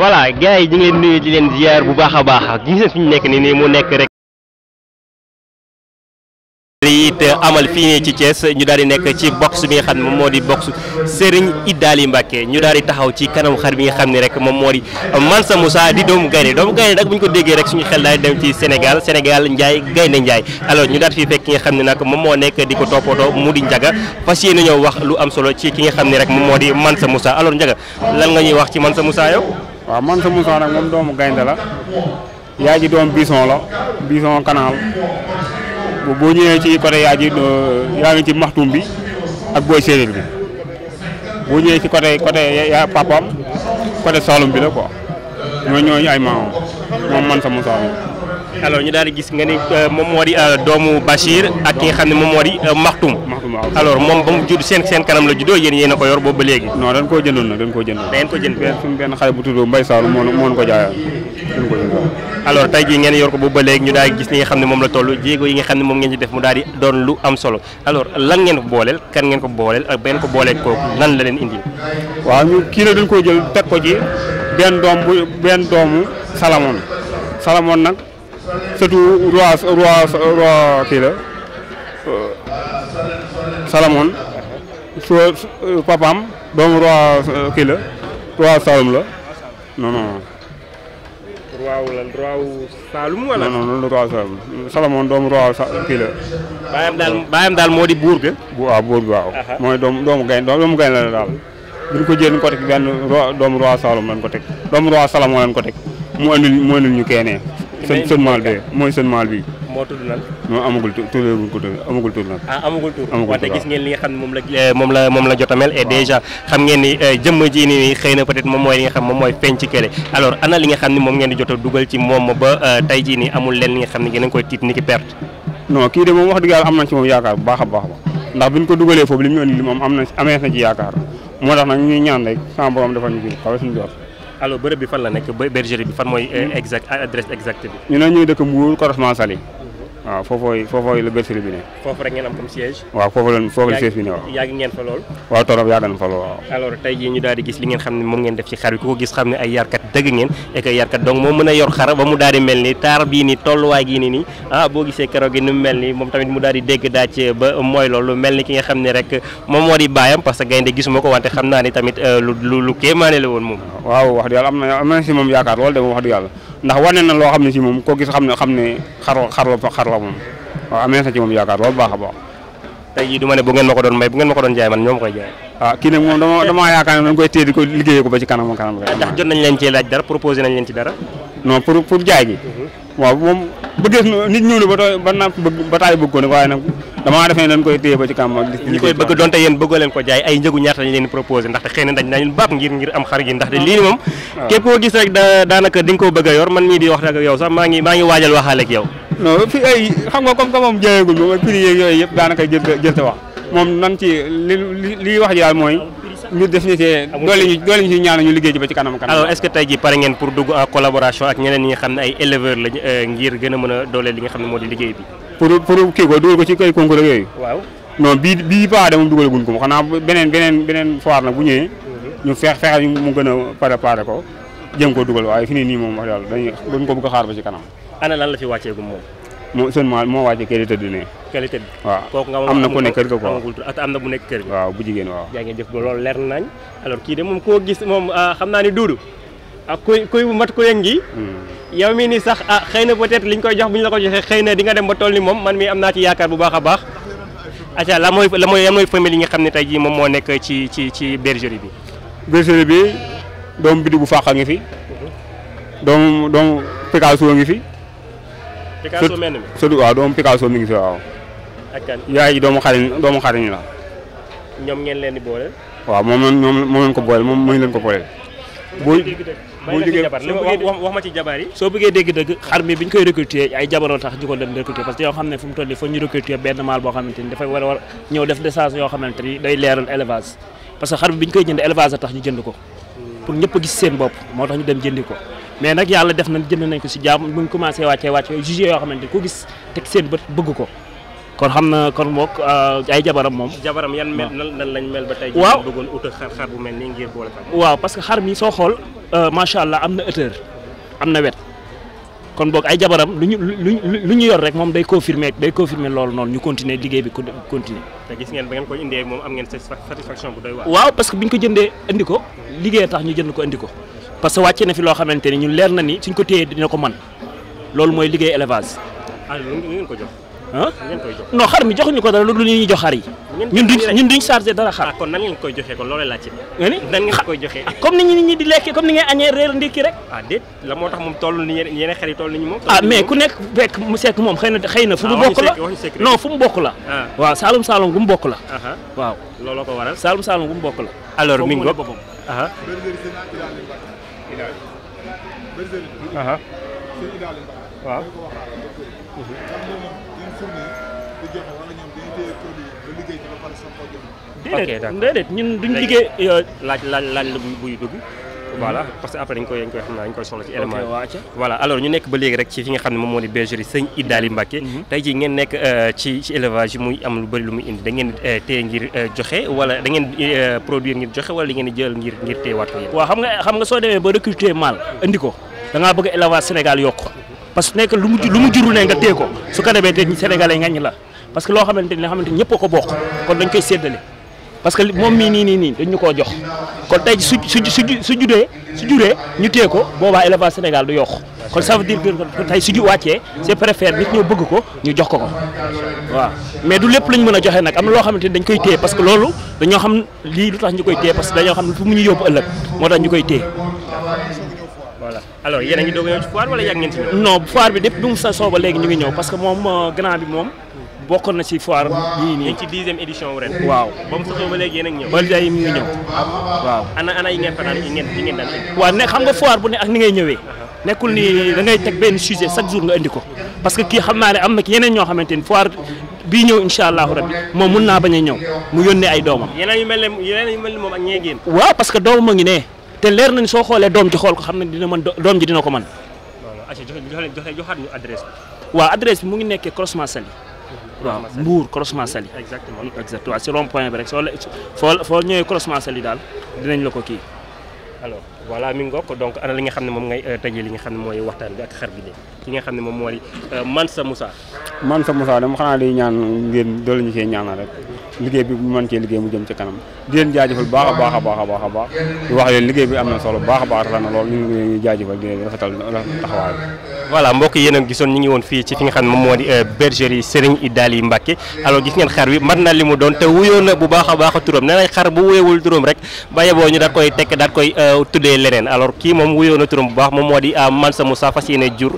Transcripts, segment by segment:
voilà gars yi nuyu di leen ziar bu baax a baax gis ngeen fi ñu nekk ni mu amal fini nii ci ties ñu daali nek ci box bi nga xamne ne box Serigne Idali mbake ñu daali taxaw ci kanam xar bi nga xamne rek mom modi Mansa Musa di dom gayne Dom gayne nak buñ ko déggé rek suñu xel daal dem ci Sénégal Sénégal Ndiaye gayne Ndiaye alors ñu daal fi fekk nga xamne nak mom mo nek diko di mudi Njaga fas wax lu am solo ci ki nga xamne rek mom modi Mansa Musa. alors Njaga lan nga ñuy wax ci Mansa Moussa yow waaw man sa Moussa nag moom doomu gaynde la yaa ji doom bison la bison canal boo ñëwee ci côté yaa ji euh, yaa ngi ci maxtum bi ak booy séeréer bi boo ñëwee ci côté côté yaa papam côté Saloum bi la quoi ay maamam moom man sa Moussa alors ñu daal gis nga ni euh, mom moo di euh, doomu bashir ak ki nga xam ne moom di euh, Maktoum. alors mom ba mu sen sen kanam la jiddo yeen yeen ko yor boobu ba léegi. non dañ ko jëndul na dañ ko jënd dañ ko jënd ben suñu ben xale bu tuddoo mbay Sall mo mo ko jaaya alors tay jii ngeen yor ko bu ba legi ñu daal gis ni nga xamni mom la tollu jéego yi nga xamni mom ngeen ci def mu daal di doon lu am solo alors lan ngeen ko bolel kan ngeen ko bolel ak ben ko booleel ko lan la leen indi. wa ñu ki la dañ ko jël tek ko ci ben doom ben benn doomu salamon Salamone nag surtout roi roi roi kii la Salamon papam dom roi kii ruas eh, roi Salom la non non roi la roi Salom wala non non roi Salom Salamon doomu roi kii la bayam dal bayam dal modi bour bi bu wa ah, bour bi waaw ah. moy dom doomu gayn doomu gayn la dal bu ko jeen ko tek ben ruas roi Salom lan ko tek doomu roi Salom seen seen maal bee mooy seen maal bi moo tudd nan moo amagul tur amagul tur nag ah amagul tur wante moom la eh, moom la moom la jot a mel et déjà xam ngeen ni eh, jëmm ji ni xëy na peut être moom mooy li nga xam moom mooy feeñ ci kële alors ana li nga xam ni moom ngeen di jot a dugal ci moom ba eh, tey jii ni amul leen li nga xam ne gën a koy tiit ni ki perte non kii de moom wax dëgg yàlla am nañ ci moom yaakaar bu baax a baax ba ndax bi ñu ko dugalee foofu li ñu indi li moom am na na ci nag ñuy alors bërëb bi fan la nekk bergerie bi fan mooy eh, exact adresse exacte bi. ñu ne ñuy dëkk Mbour correspondant Saly waaw foofooy foofooy la bergerie bi ne. foofu rek ngeen am comme siège. waaw foofu la yàgg ngeen fa lool. tey jii ñu daal gis li ngeen xam ne moom ngeen def ci xar bi ku ko gis xam ne ay yarkat dëgg ngeen et yarkat donc moo mën a yor xar ba mu daal mel ni taar bii nii tolluwaay gii nii nii ah boo gisee keroog gi ni mel nii moom tamit mu daal di dégg daaj ba mooy loolu mel ni ki nga xam ne rek moom moo di baayam parce que gaynde gisuma ko wante xam naa ni tamit euh, lu lu lu kéemaane la woon moom. waaw wax dëgg yàlla ndax wane na loo xam ne si moom koo gis xam ne xam ne xar xar la xar la moom waaw amee na ci moom yaakaar loolu baax a baax. tey jii du ma ne bu ngeen ma ko doon may bu ngeen ma ko doon jaay man ñoom koy jaay. waaw ah, kii nag moom dama yaakaar ne dañ koy téye ko liggéeyee ko ba ci kanam kanam. Ah, ndax jot nañ leen ci laaj dara proposé nañ leen ci dara. non pour jaay gi. Mhm. waaw moom bëggees na nit ñëw na ba tooy ba taay bëgg ko nag waaye nag damaa defee dañ koy téye ba ci kàmm ak ñi koy bëgg donte yéen bëggoo leen ko jaay ay njëgu ñaata lañ leen proposé ndaxte xëy na dañ nañu baab ngir ngir am xar gi ndaxte lii ni moom képp koo gis rek da daanaka di ko bëgg yor man mii di wax ak yow sax maa ngi maa waajal waxaale ak yow non fii ay xam nga comme que moom jaayagul moom ay yooyu yëpp daanaka jël jël te wax moom nan ci li li wax mooy ñu def ñu cee doole ñu doole ñu ci ñaanu ñu liggéey ci ba ci kanam kanam. alors est-ce que tey jii pare ngeen pour dugg en collaboration ak ñeneen ñi xam ne ay éleveurs la euh, ngir gën a mën a dooleel li nga xam ne moo di liggéey bi. pour pour kii ko dugal ko ci kay concours ak yooyu. waaw bii bii pas de moom dugalaguñ ko xanaa beneen beneen beneen foire nag bu ñëwee. Mhm. ñu fex fexe mu gën a préparé ko jëm ko dugal waaye fi ne nii moom wax dëgg dañuy duñ ko bëgg a xaar la fi wàcceegu moom moo seen maal moo wàcce kële tëdd ne. kële tëdd waaw kooku nga am na ku nekk kër ga quoi amagul ak am na bu waaw bu jigéen waaw leer nañ kii de moom koo gis moom ah, xam naa ni duudu ak ah, kuy kuy mat ko yëngi hmm. yow mii nii sax ah xëy na peut-être liñ koy jox bu ñu la ko joxee xëy na di nga dem ba toll ni moom man mii am naa ci yaakaar bu baax a baax acca la mooy la mooy la mooy famille yi nga xam ni tey jii moom moo nekk ci ci ci bergerie bi bergerie bi doom bidi bu fàqa ngi fi mhm. doom doom Picasso ngi fi Picasso mel mi sëtu waaw doomu Picasso mi ngi fi waaw. yaay ji doomu xariñ doomu xariñ la. ñoom ngeen leen di boole. waaw moom la ñoom moo leen ko boole moom moo leen ko boole. boo boo jógee wax ma ci jabar yi. soo bëggee dégg dëgg xar mi bi ñu koy recruter ay jabaroo tax di ko dem recruter parce que xam ne fu mu toll nii fa ñu recruter benn maal boo xamante ni dafay war a war ñëw def décharge yoo xamante ni day leeral élevage parce que xar mi bi ñu koy jënd élevage a tax ñu jënd ko hmm. pour ñëpp gis seen bopp moo tax ñu dem jëndi ko mais nak yalla def na jënd nañ ko ci jamm jàmm ngi commencé wàccee wàcce jugé yo xamante ko gis tek seen bët bëgg ko kon xamna kon mok euh, ay jabaram mom jabaram yan mel nan lañ mel ba tay waaw bëggoon outa xar xar bu mel ni ngir boole tam waaw parce que xar mi so xol euh, macha allah am na hauteur am na wet kon bok ay jabaram luñu luñu yor rek mom day confirmer day confirmer lool non ñu continuer liggéey bi continuer da gis ngeen ba ngeen ko indé mom am ngeen satisfaction bu doy waaw parce que biñ ko jëndé andiko ko liggéey tax ñu jënd ko andiko parce que wàcce na fi loo xamante ni ñun leer na ni suñ ko téyee dina ko mën loolu mooy liggéey élevage. ah ngeen ko jox. ah ko dara lu dul ñuy jox xar yi. ñun duñ ñun duñ chargé dara xar. Ah, kon nan ngeen koy joxee kon loolu laajte. nga ni nan ngeen ah, koy joxee. Ah, comme ni nit ñi di lekkee comme ni ngay añee réer ndékki rek. ah mais ku nekk sekk moom xëy fu mu bokk la non fu mu bokk la. waaw Saalum Saalum gu mu bokk la. waaw looloo Saalum Saalum gu mu bokk la. alors mi ngi daal aha waaw ko waxaale ñun duñ liggéey euh, laaj laaj la buy dugg voilà parce que après dañ koy dañ koy xam naa dañ koy soxla ci élément voilà alors ñu nekk ba léegi rek ci fi nga xam ne moom moo di bergerie sëñ Idali Mbacké mhm. tey jii ngeen nekk euh, ci ci élevage muy am lu bëri lu euh, euh, joxe wala da produire ngir joxe wala da ngeen jël ngir ngir téyewaat ko xam nga xam nga soo demee ba recruter mal indi ko da bëgg élevage Sénégal yokk parce que nekk lu mu lu ne nga téye ko su ko demee te ngañ la parce que loo xamante ne xamante ñëpp ko bokk kon dañ koy séddale parce que moom mii ni ni nii dañ ñu jox kon tay su su su judee su juree ñu téé ko boobaa élevage Sénégal du yox kon ça veut dire que tay su ju wàccee c'est préfère nit ñoo bëgg ko ñu jox ko ko waaw mais du lepp lañ mëna joxé nak nag am na loo xamante dañ koy téé parce que lolu dañu xam li lutax ñukoy téé parce que dañu xam fu mu ñu yob ëllëg moo tax ñu koy voilà alors yéen a ngi doog ñëw ci foire wala yàgg ngeen ci ñëw. non foire bi depuis bi mu sa sooba léegi ñu ngi ñëw parce que moom euh, grand bi moom. bokkoon na ci foire bii nii. ci dixième édition wu ren. waaw ba mu a ngi ñëw. ba léegi mu ngi ñëw. waaw ana ana bu ne ak ni ngay ñëwee. Uh-huh. nekkul ni da teg benn sujet chaque jour nga indi ko parce que kii xam naa ne am na yeneen ñoo xamante ni foire bii ñëw incha allahu rabbi moom mun naa bañ a ñëw mu yónnee ay doomam. yeneen yu mel yu mel ne moom ak ñee génn. waaw parce que doomam a ngi ne te leer na ni soo xoolee doom ji xool ko xam ne dina mën doom ji dina ko mën. waaw waaw joxe ngi nekkee croisement Saly Mbour croisement exactement exactement si rond point Il faut que vous croisement alors voilà mi donc ana li nga xam ne ngay euh, tëjee li nga xam vous mooy de ki nga euh, Mansa Moussa man sa Moussa dama xanaa di ñaan ngeen doole ñu see ñaanal rek liggéey bi mën cee liggéey mu jëm ci kanam di leen jaajëfal baax a baax a baax a baax a baax di wax leen liggéey bi am na solo baax a baax rafet na lool ñu ngi leen di jaajëfal di leen rafetal taxawaay bi voilà mbokk yéen a gisoon ñu ngi woon fii ci fi nga xam ne moom moo di euh, bergerie Serigne Idaly Mbacké alors gis ngeen xar wi mat na li mu doon te wuyoo na bu baax a baax a turam nee nañ xar bu wuyeewul turam rek ba yeboo ñu daat koy tekk daat koy euh, tuddee leneen alors kii moom wuyoo na turam bu baax moom moo di euh, man sa Moussa fas yéene jur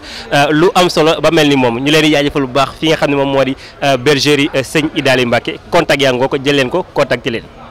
lu am solo ba mel ni moom ñu leen di jaajëfal bu baax fi nga xam ne moom moo di euh, bergerie euh, sëñ Idaly Mbacke contact yaa ngoo ko jël leen ko contacté leen.